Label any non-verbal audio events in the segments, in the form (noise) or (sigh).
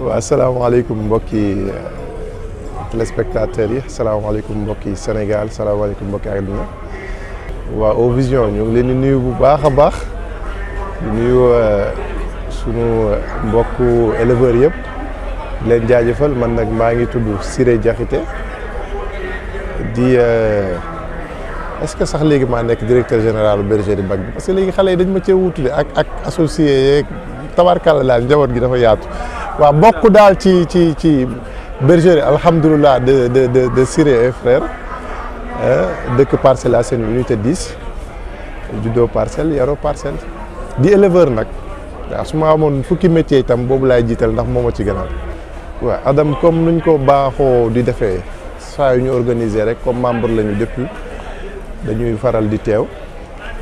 waaw asalaamaaleykum mbokki téléspectateurs yi asalaamaaleykum mbokki Sénégal asalaamaaleykum mbokki àdduna waaw Ovision ñu ngi leen di nuyu bu baax a baax di nuyu sunu mbokku éleveurs yëpp di leen jaajëfal man nag maa ngi tudd Siré Diakhaté di est-ce que sax léegi maa nekk directeur général bergerie Bac bi parce que léegi xale yi dañ ma cee wutule ak ak associé yeeg tabarkàlla daal njaboot gi dafa yaatu. waaw bokk daal ci ci ci bergerie alhamdoulillah de de de de Siré et frère hein, dëkk Parcelles Assainies unité 10 du juddoo parcelle yaroo parcelle di éleveur nak waaw su ma fukki métier tam bobu lay jiital ndax moma ci gënal waaw Adam comme nuñ ko baxo di défé sa ñu organiser rek comme membre lañu depuis dañuy faral di teew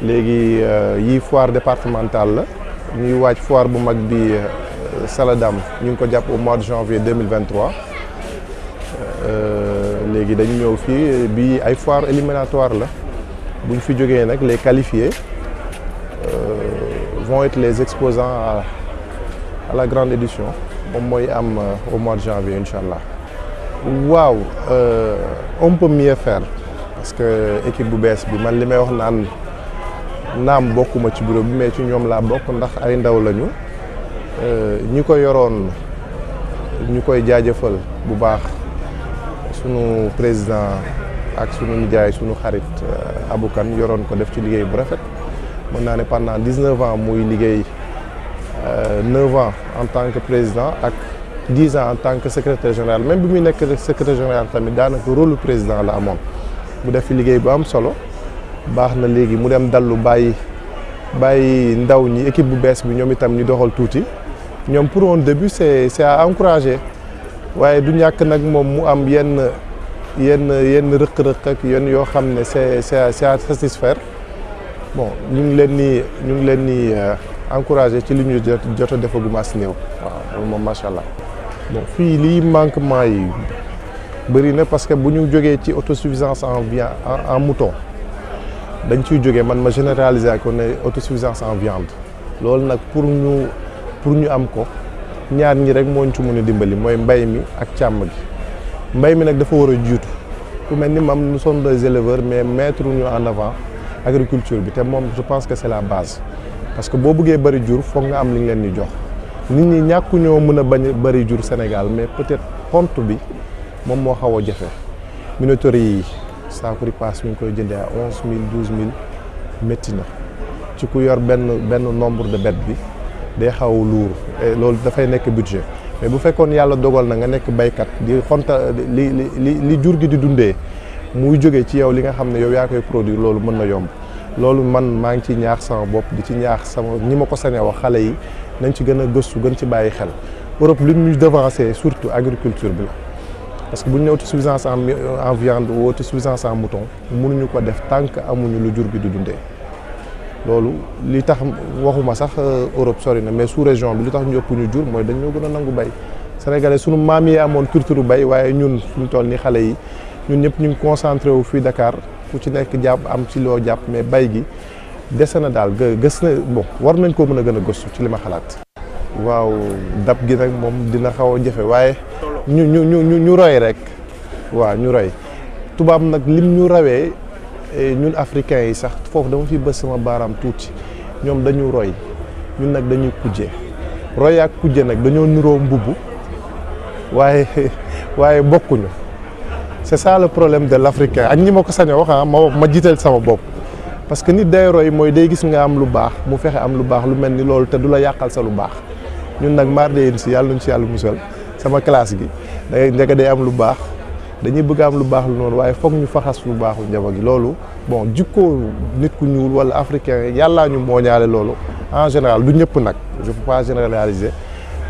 léegi euh, yii foire départementale la ñuy waaj foire bu mag bi. Euh, Saladam ñu ngi ko au mois de janvier 2023 euh, Les dañu ñëw fii bi foire éliminatoire la les qualifiés euh, vont être les exposants à à la grande édition euh, au mois de janvier Inch'Allah. Waouh on peut mieux faire parce que équipe bu bees bi man li may wax naan naam mais ci ñoom la bokk ndax ay Euh, ñi ko yoroon ñu koy jaajëfal bu baax sunu président ak sunu nijaay sunu xarit euh, Abou Kane yoroon ko def ci liggéey bu rafet mën naa ne pendant dix-neuf ans muy liggéey euh, neuf ans en tant que président ak dix ans en tant que secrétaire général même bi muy nekk secrétaire général tamit daanaka rôle président la amoon mu def fi liggéey bu am solo baax na léegi mu dem dallu bàyyi bàyyi ndaw ñi équipe bu bees bi ñoom itam ñu doxal tuuti ñom pour un début c'est c'est à encourager waye du ñak nak mom mu am yenn yenn yenn rëq-rëq ak yenn yo xamné c'est c'est c'est à satisfaire bon ñu ngi leen ni ñu ngi leen ni euh, encourager ci li ñu jot jot a mass new waaw loolu machallah bon fi li manquement yi bari na parce que bu ñu joggé ci autosuffisance en viande en mouton dañ ci joggé man ma généraliser ko ne autosuffisance en viande lool nak pour ñu. pour ñu am ko ñaar ñi rek mooñ ci mën a dimbali mooy mbay mi ak càmm gi mbay mi nag dafa war a jiitu ku mel ni maam nous sommes des éleveurs mais mettre ñu en avant agriculture bi te moom je pense que c'est la base parce que boo bëggee bëri jur foog nga am li nga leen di jox nit ñi ñàkkuñoo mën a bañ bëri jur Sénégal mais peut-être ponte bi moom moo xaw a jafe minoterie yi saaku ripaas mi ngi koy jëndee à onze mille douze mille métti na ci ku yor benn benn nombre de bête bi day xaw lour luur eh, da fay nek budget mais bu fekkone yalla dogal na nga nek baykat di xonta li li li jur gi di dundé, muy joggé ci yow li nga xamné ne yow yaa koy produire loolu mën na yomb loolu man ma ngi ci ñaax sama bop di ci ñaax sama ñi ko sañee wax xalé yi nañ ci gëna gëstu gën ci bàyyi xel Europe lu ñu devancer surtout agriculture bi parce que bu ñu ne autosuffisance en viande ou autosuffisance en mouton mënuñu ko def tank amuñu lu jur gi di dundé. loolu li tax waxuma sax euh, Europe sori na mais sous région bi li tax ñu ëpp ñu jur mooy dañoo gën a nangu bay sénégalais sunu maam yi amoon culture bay waaye ñun suñu toll nii xale yi ñun ñëpp ñu ngi concentré wu fii dakaar ku ci nekk jàpp am ci loo jàpp mais bay gi dese na daal gës na bon war nañ koo mën a gën a gëstu ci li ma xalaat. waaw dab gi nag moom dina xaw a jafe waaye. ñu ñu ñu ñu roy rek. waaw ñu roy tubaab nag lim ñu rawee. ñun africains yi sax foofu dama fi bës sama baaraam tuuti ñoom dañu roy ñun nag dañuy kuje roy ak kujje nag dañoo niroo mbubb waaye (laughs) waaye bokkuñu c'est ça le problème de l'africain ak ñi ma ko sañoo wax ah ma ma jiital sama bopp. parce que nit day roy mooy day gis nga am lu baax mu fexe am lu baax lu mel ni loolu te du la yàqal sa lu baax ñun nag maar de si yàlla nuñ si yàlla musal sama classe gi day ndeke day am lu baax. dañuy bëgg am lu baax lu noonu waaye ñu faxas lu bon du nit ku ñuul wala africain ñu en général du ñëpp nag je peux pas généraliser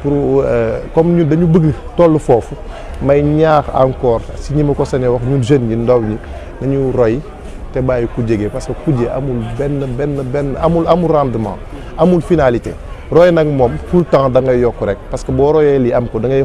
pour euh, comme ñun dañu bëgg toll foofu may ñaax encore si ñi ma ko sañee wax ñun jeunes ñi ndaw ñi nañu roy te bàyyi parce que nous amul benn benn benn amul amul rendement amul finalité roy nag tout le temps da ngay rek parce que boo royee lii am ko da ngay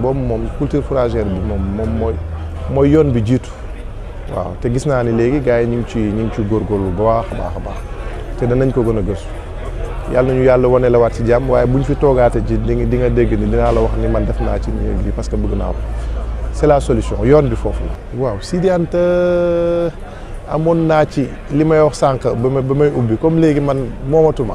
boobu moom culture fourragère bi moom moom mooy mooy yoon bi jiitu waaw te gis naa ni léegi gars yi ñu ngi ci ñu ngi ci góorgóorlu bu baax a baax a baax te danañ ko gën a gëstu yàlla ñu yàlla wane la waat ci jàmm waaye ñu fi toogaatee ji di di nga dégg ni dinaa la wax ni man def naa ci nii bi parce que bëgg naa ko c'est la solution yoon bi foofu la. waaw Sidi Anta amoon naa ci li may wax sànq ba may ba may ubbi comme léegi man moomatuma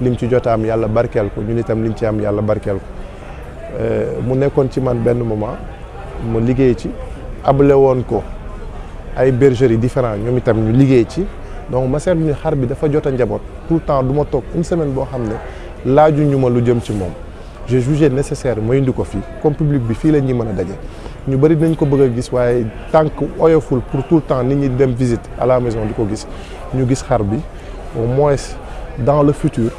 lim ci jot a am ko ñun itam lim ci am yalla barkel ko euh, mu nekkon ci man ben moment mu liggéey ci able won ko ay bergerie différents ñoom itam ñu liggéey ci donc ma sét ñu xar bi dafa jot a tout le temps duma tok une semaine bo xamné laaju ñuma lu jëm ci mom j'ai jugé nécessaire ma indi ko fi comme public bi fi la ñuy mën a ñu bari dañ ko bëgg gis waye tànk oyoful pour tout le temps nit ñi dem visite à la maison diko gis ñu gis xar bi au moins dans le futur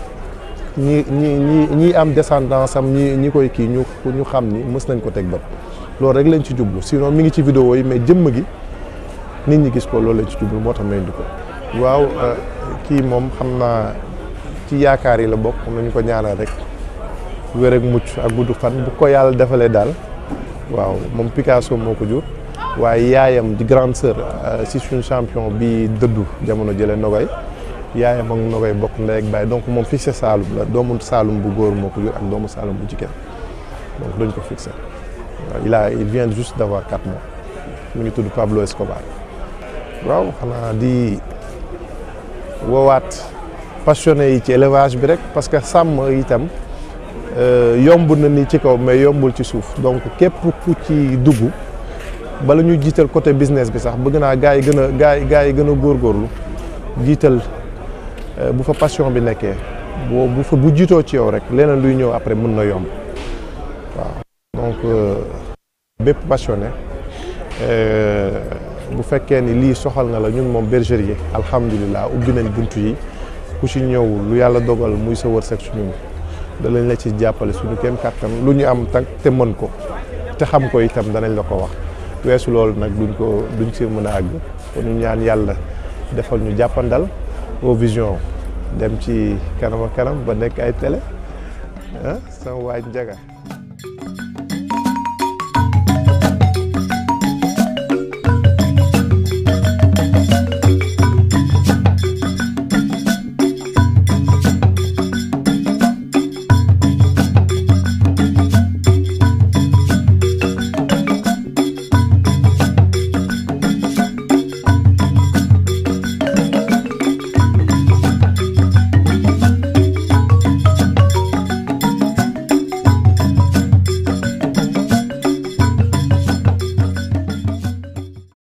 ñi ñi ñi ñi am descendance am ñi ñi koy kii ñu ñu xam ni mës nañ ko teg bët loolu rek lañ ci jublu sinon mi ngi ci vidéo yi mais jëmm gi nit ñi gis ko loolu lañ ci jublu moo tax may indi ko. waaw euh, kii moom xam naa ci yaakaar yi la bokk nañu ko ñaanal rek wér ak mucc ak gudd fan bu ko yàlla defalee daal waaw moom Picasso moo ko jur. waaye yaayam di grande sœur euh, si suñu champion bi dëddu jamono jële Nogay. yaayam ak Nogaye bokk ndey ak baay donc mom fixé salum la doomu salum bu gor moko ko jur ak doomu salum bu jigéen donc dañ ko fixé il a il vient juste d'avoir 4 mois mu ngi tudd Pablo Escobar waaw xana di wowat passionné yi ci élevage bi rek parce que sam itam euh yomb na ni ci kaw mais yombul ci souf donc képp ku ci dugg bala ñu jiital côté business bi sax bëgg naa gars yi gën a gars yi gars yi gën a góorgóorlu jiital euh, bu fa passion bi nekkee boo bu fa bu jiitoo ci yow rek leneen luy ñëw après mën na yomb waaw donc euh, bépp passionné euh, bu fekkee ni lii soxal na la ñun moom bergerie alhamdulilah ubbi nañ buntu yi ku ci ñëw lu yàlla dogal muy sa wërsëg suñu lañ la ci jàppale suñu kenn kàttan lu ñu am tag te mën ko te xam ko itam danañ la ko wax weesu loolu nag duñ ko duñ ci mën a àgg kon ñu ñaan yàlla defal ñu jàppandal vision dem ci kanam a kanam ba nekk ay télé ah sama waaj